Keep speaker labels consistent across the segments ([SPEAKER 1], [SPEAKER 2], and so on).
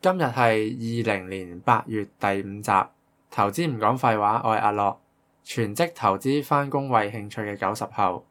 [SPEAKER 1] 今日係二零年八月第五集，投資唔講廢話，我係阿樂，全職投資翻工為興趣嘅九十後。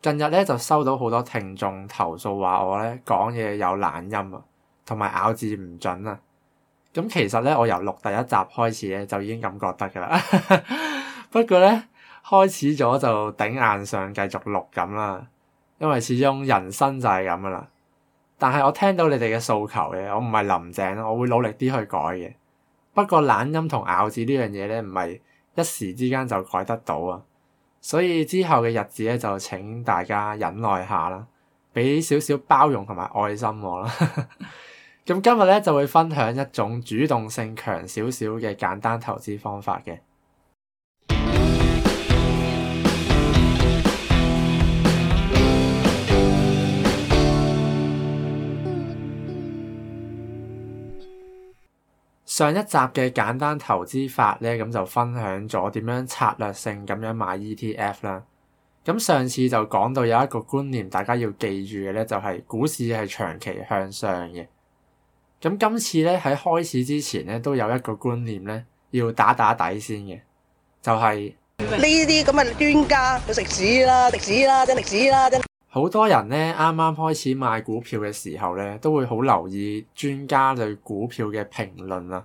[SPEAKER 1] 近日咧就收到好多聽眾投訴話我咧講嘢有懶音啊，同埋咬字唔準啊。咁其實咧我由錄第一集開始咧就已經咁覺得噶啦， 不過咧開始咗就頂硬上繼續錄咁啦，因為始終人生就係咁噶啦。但係我聽到你哋嘅訴求嘅，我唔係林鄭，我會努力啲去改嘅。不過懶音同咬字呢樣嘢咧，唔係一時之間就改得到啊。所以之後嘅日子咧，就請大家忍耐下啦，俾少少包容同埋愛心我啦。咁 今日咧就會分享一種主動性強少少嘅簡單投資方法嘅。上一集嘅簡單投資法咧，咁就分享咗點樣策略性咁樣買 ETF 啦。咁上次就講到有一個觀念，大家要記住嘅咧，就係股市係長期向上嘅。咁今次咧喺開始之前咧，都有一個觀念咧，要打打底先嘅，就係呢啲咁嘅專家要食屎啦，食屎啦，真食屎啦，好多人咧，啱啱開始買股票嘅時候咧，都會好留意專家對股票嘅評論啊，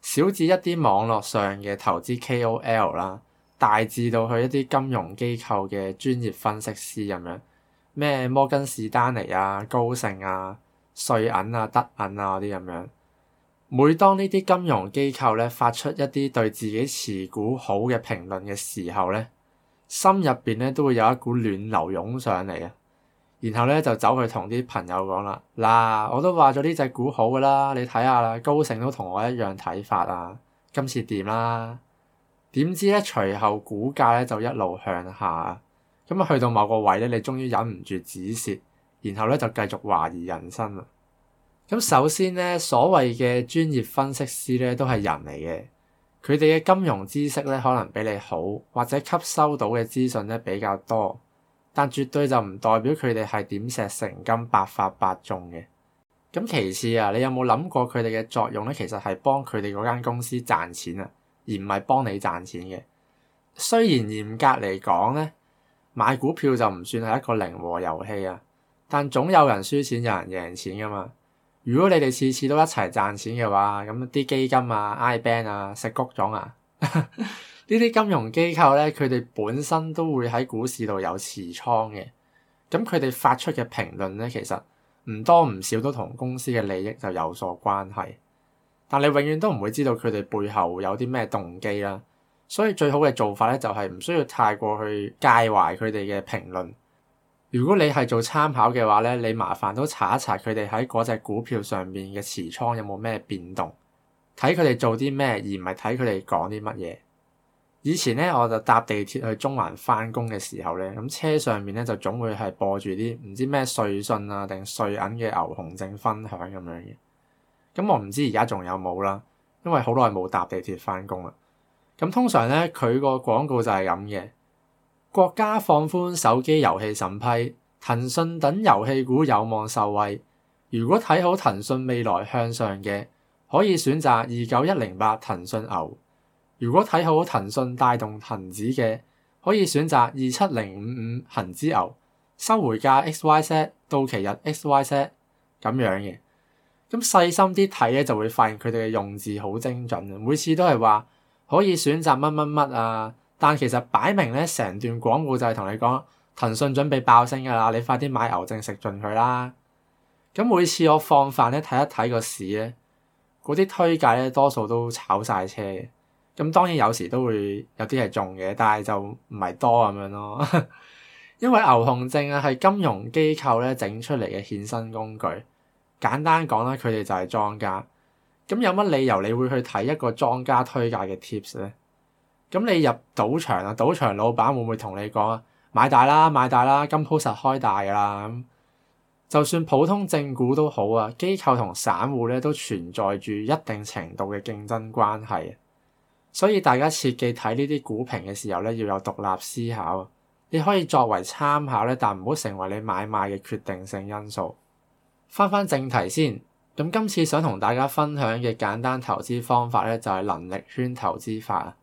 [SPEAKER 1] 小至一啲網絡上嘅投資 KOL 啦，大至到去一啲金融機構嘅專業分析師咁樣，咩摩根士丹利啊、高盛啊、瑞銀啊、德銀啊嗰啲咁樣。每當呢啲金融機構咧發出一啲對自己持股好嘅評論嘅時候咧，心入邊咧都會有一股暖流湧上嚟啊，然後咧就走去同啲朋友講啦，嗱，我都話咗呢隻股好噶啦，你睇下啦，高盛都同我一樣睇法啊，今次掂啦。點知咧隨後股價咧就一路向下，咁啊去到某個位咧，你終於忍唔住止蝕，然後咧就繼續懷疑人生啦。咁首先咧，所謂嘅專業分析師咧都係人嚟嘅。佢哋嘅金融知識咧，可能比你好，或者吸收到嘅資訊咧比較多，但絕對就唔代表佢哋係點石成金、百發百中嘅。咁其次啊，你有冇諗過佢哋嘅作用咧？其實係幫佢哋嗰間公司賺錢啊，而唔係幫你賺錢嘅。雖然嚴格嚟講咧，買股票就唔算係一個零和遊戲啊，但總有人輸錢，有人贏錢噶嘛。如果你哋次次都一齊賺錢嘅話，咁啲基金啊、iBank 啊、食谷種啊，呢 啲金融機構咧，佢哋本身都會喺股市度有持倉嘅。咁佢哋發出嘅評論咧，其實唔多唔少都同公司嘅利益就有所關係。但你永遠都唔會知道佢哋背後有啲咩動機啦。所以最好嘅做法咧，就係、是、唔需要太過去介懷佢哋嘅評論。如果你係做參考嘅話咧，你麻煩都查一查佢哋喺嗰隻股票上面嘅持倉有冇咩變動，睇佢哋做啲咩，而唔係睇佢哋講啲乜嘢。以前咧，我就搭地鐵去中環翻工嘅時候咧，咁車上面咧就總會係播住啲唔知咩瑞信啊定瑞銀嘅牛熊證分享咁樣嘅。咁我唔知而家仲有冇啦，因為好耐冇搭地鐵翻工啦。咁通常咧，佢個廣告就係咁嘅。國家放寬手機遊戲審批，騰訊等遊戲股有望受惠。如果睇好騰訊未來向上嘅，可以選擇二九一零八騰訊牛；如果睇好騰訊帶動恒指嘅，可以選擇二七零五五恒指牛。收回價 XYZ 到期日 XYZ 咁樣嘅。咁細心啲睇咧，就會發現佢哋嘅用字好精準，每次都係話可以選擇乜乜乜啊。但其實擺明咧，成段廣告就係同你講騰訊準備爆升嘅啦，你快啲買牛證食盡佢啦。咁每次我放飯咧睇一睇個市咧，嗰啲推介咧多數都炒晒車嘅。咁當然有時都會有啲係中嘅，但係就唔係多咁樣咯。 因為牛熊證啊係金融機構咧整出嚟嘅衍生工具，簡單講啦，佢哋就係莊家。咁有乜理由你會去睇一個莊家推介嘅 tips 咧？咁你入賭場啊？賭場老闆會唔會同你講啊？買大啦，買大啦，金鋪實開大㗎喇。咁就算普通正股都好啊，機構同散戶咧都存在住一定程度嘅競爭關係，所以大家切記睇呢啲股評嘅時候咧要有獨立思考。你可以作為參考咧，但唔好成為你買賣嘅決定性因素。返返正題先，咁今次想同大家分享嘅簡單投資方法咧就係能力圈投資法啊。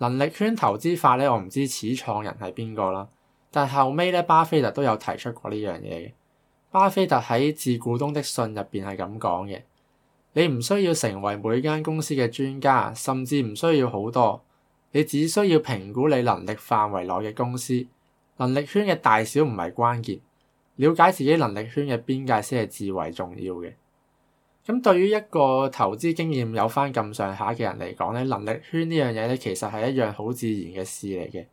[SPEAKER 1] 能力圈投資法咧，我唔知始創人係邊個啦，但後尾咧巴菲特都有提出過呢樣嘢嘅。巴菲特喺致股東的信入邊係咁講嘅：你唔需要成為每間公司嘅專家，甚至唔需要好多，你只需要評估你能力範圍內嘅公司。能力圈嘅大小唔係關鍵，了解自己能力圈嘅邊界先係至為重要嘅。咁對於一個投資經驗有翻咁上下嘅人嚟講咧，能力圈呢樣嘢咧，其實係一樣好自然嘅事嚟嘅。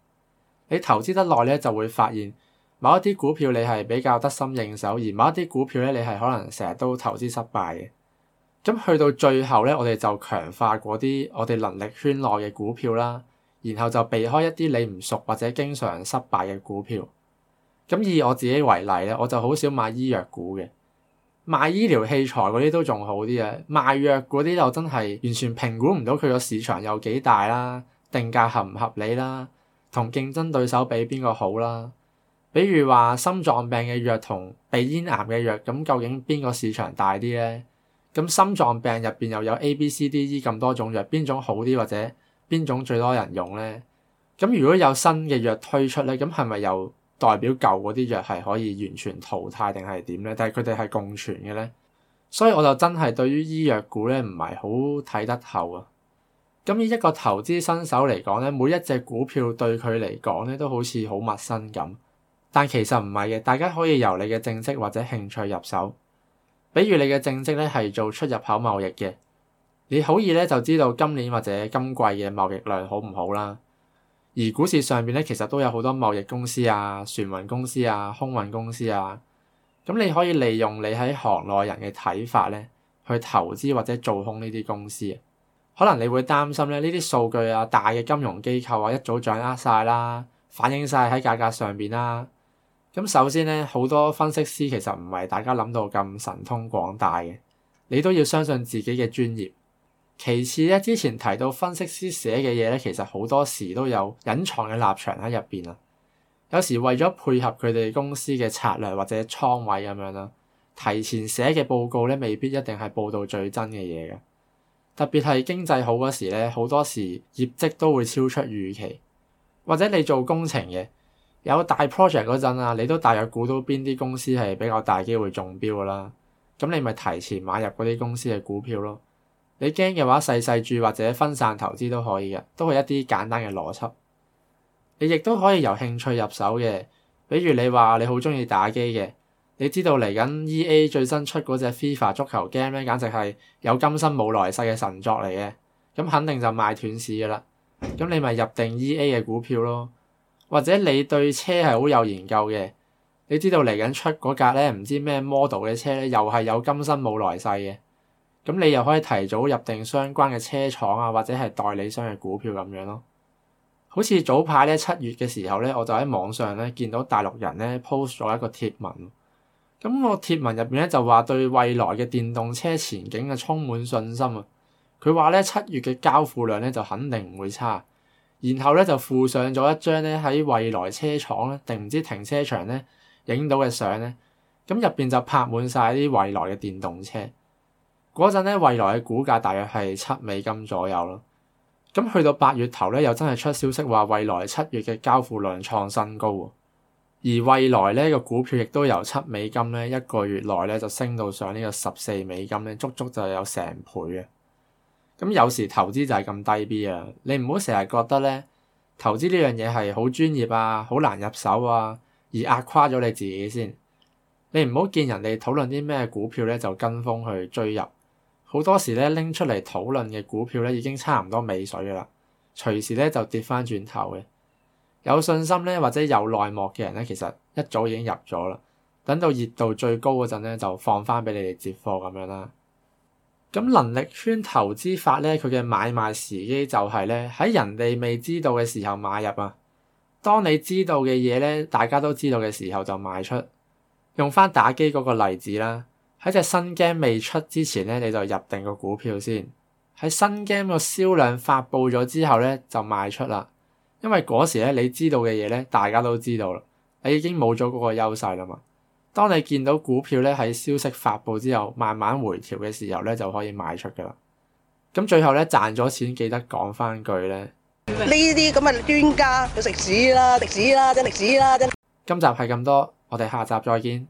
[SPEAKER 1] 你投資得耐咧，就會發現某一啲股票你係比較得心應手，而某一啲股票咧，你係可能成日都投資失敗嘅。咁去到最後咧，我哋就強化嗰啲我哋能力圈內嘅股票啦，然後就避開一啲你唔熟或者經常失敗嘅股票。咁以我自己為例咧，我就好少買醫藥股嘅。賣醫療器材嗰啲都仲好啲啊，賣藥嗰啲又真係完全評估唔到佢個市場有幾大啦，定價合唔合理啦，同競爭對手比邊個好啦？比如話心臟病嘅藥同鼻咽癌嘅藥，咁究竟邊個市場大啲咧？咁心臟病入邊又有 A、B、C、D、E 咁多種藥，邊種好啲或者邊種最多人用咧？咁如果有新嘅藥推出咧，咁係咪又？代表舊嗰啲藥係可以完全淘汰定係點咧？但係佢哋係共存嘅咧，所以我就真係對於醫藥股咧唔係好睇得透啊。咁以一個投資新手嚟講咧，每一隻股票對佢嚟講咧都好似好陌生咁，但其實唔係嘅。大家可以由你嘅正職或者興趣入手，比如你嘅正職咧係做出入口貿易嘅，你好易咧就知道今年或者今季嘅貿易量好唔好啦。而股市上面咧，其實都有好多貿易公司啊、船運公司啊、空運公司啊，咁你可以利用你喺行內人嘅睇法咧，去投資或者做空呢啲公司。可能你會擔心咧，呢啲數據啊、大嘅金融機構啊，一早掌握晒啦，反映晒喺價格上邊啦。咁首先咧，好多分析師其實唔係大家諗到咁神通廣大嘅，你都要相信自己嘅專業。其次咧，之前提到分析師寫嘅嘢咧，其實好多時都有隱藏嘅立場喺入邊啦。有時為咗配合佢哋公司嘅策略或者倉位咁樣啦，提前寫嘅報告咧，未必一定係報道最真嘅嘢嘅。特別係經濟好嗰時咧，好多時業績都會超出預期。或者你做工程嘅，有大 project 嗰陣啊，你都大約估到邊啲公司係比較大機會中標噶啦。咁你咪提前買入嗰啲公司嘅股票咯。你驚嘅話，細細注或者分散投資都可以嘅，都係一啲簡單嘅邏輯。你亦都可以由興趣入手嘅，比如你話你好中意打機嘅，你知道嚟緊 EA 最新出嗰隻 FIFA 足球 game 咧，簡直係有今生冇來世嘅神作嚟嘅，咁肯定就賣斷市噶啦。咁你咪入定 EA 嘅股票咯，或者你對車係好有研究嘅，你知道嚟緊出嗰架咧，唔知咩 model 嘅車咧，又係有今生冇來世嘅。咁你又可以提早入定相關嘅車廠啊，或者係代理商嘅股票咁樣咯。好似早排咧七月嘅時候咧，我就喺網上咧見到大陸人咧 post 咗一個貼文。咁個貼文入邊咧就話對蔚來嘅電動車前景啊，充滿信心啊。佢話咧七月嘅交付量咧就肯定唔會差。然後咧就附上咗一張咧喺蔚來車廠咧定唔知停車場咧影到嘅相咧，咁入邊就拍滿晒啲蔚來嘅電動車。嗰陣咧，蔚來嘅股價大約係七美金左右咯。咁去到八月頭咧，又真係出消息話蔚來七月嘅交付量創新高喎。而蔚來咧個股票亦都由七美金咧一個月內咧就升到上呢個十四美金咧，足足就有成倍嘅。咁有時投資就係咁低 B 啊，你唔好成日覺得咧投資呢樣嘢係好專業啊、好難入手啊，而壓垮咗你自己先。你唔好見人哋討論啲咩股票咧就跟風去追入。好多時咧拎出嚟討論嘅股票咧已經差唔多尾水嘅啦，隨時咧就跌翻轉頭嘅。有信心咧或者有內幕嘅人咧，其實一早已經入咗啦。等到熱度最高嗰陣咧，就放翻俾你哋接貨咁樣啦。咁能力圈投資法咧，佢嘅買賣時機就係咧喺人哋未知道嘅時候買入啊。當你知道嘅嘢咧，大家都知道嘅時候就賣出。用翻打機嗰個例子啦。喺隻新 game 未出之前咧，你就入定個股票先。喺新 game 個銷量發布咗之後咧，就賣出啦。因為嗰時咧，你知道嘅嘢咧，大家都知道啦。你已經冇咗嗰個優勢啦嘛。當你見到股票咧喺消息發布之後慢慢回調嘅時候咧，就可以賣出噶啦。咁最後咧賺咗錢記得講翻句咧，呢啲咁嘅專家要食屎啦，食屎啦，真食屎啦真。今集係咁多，我哋下集再見。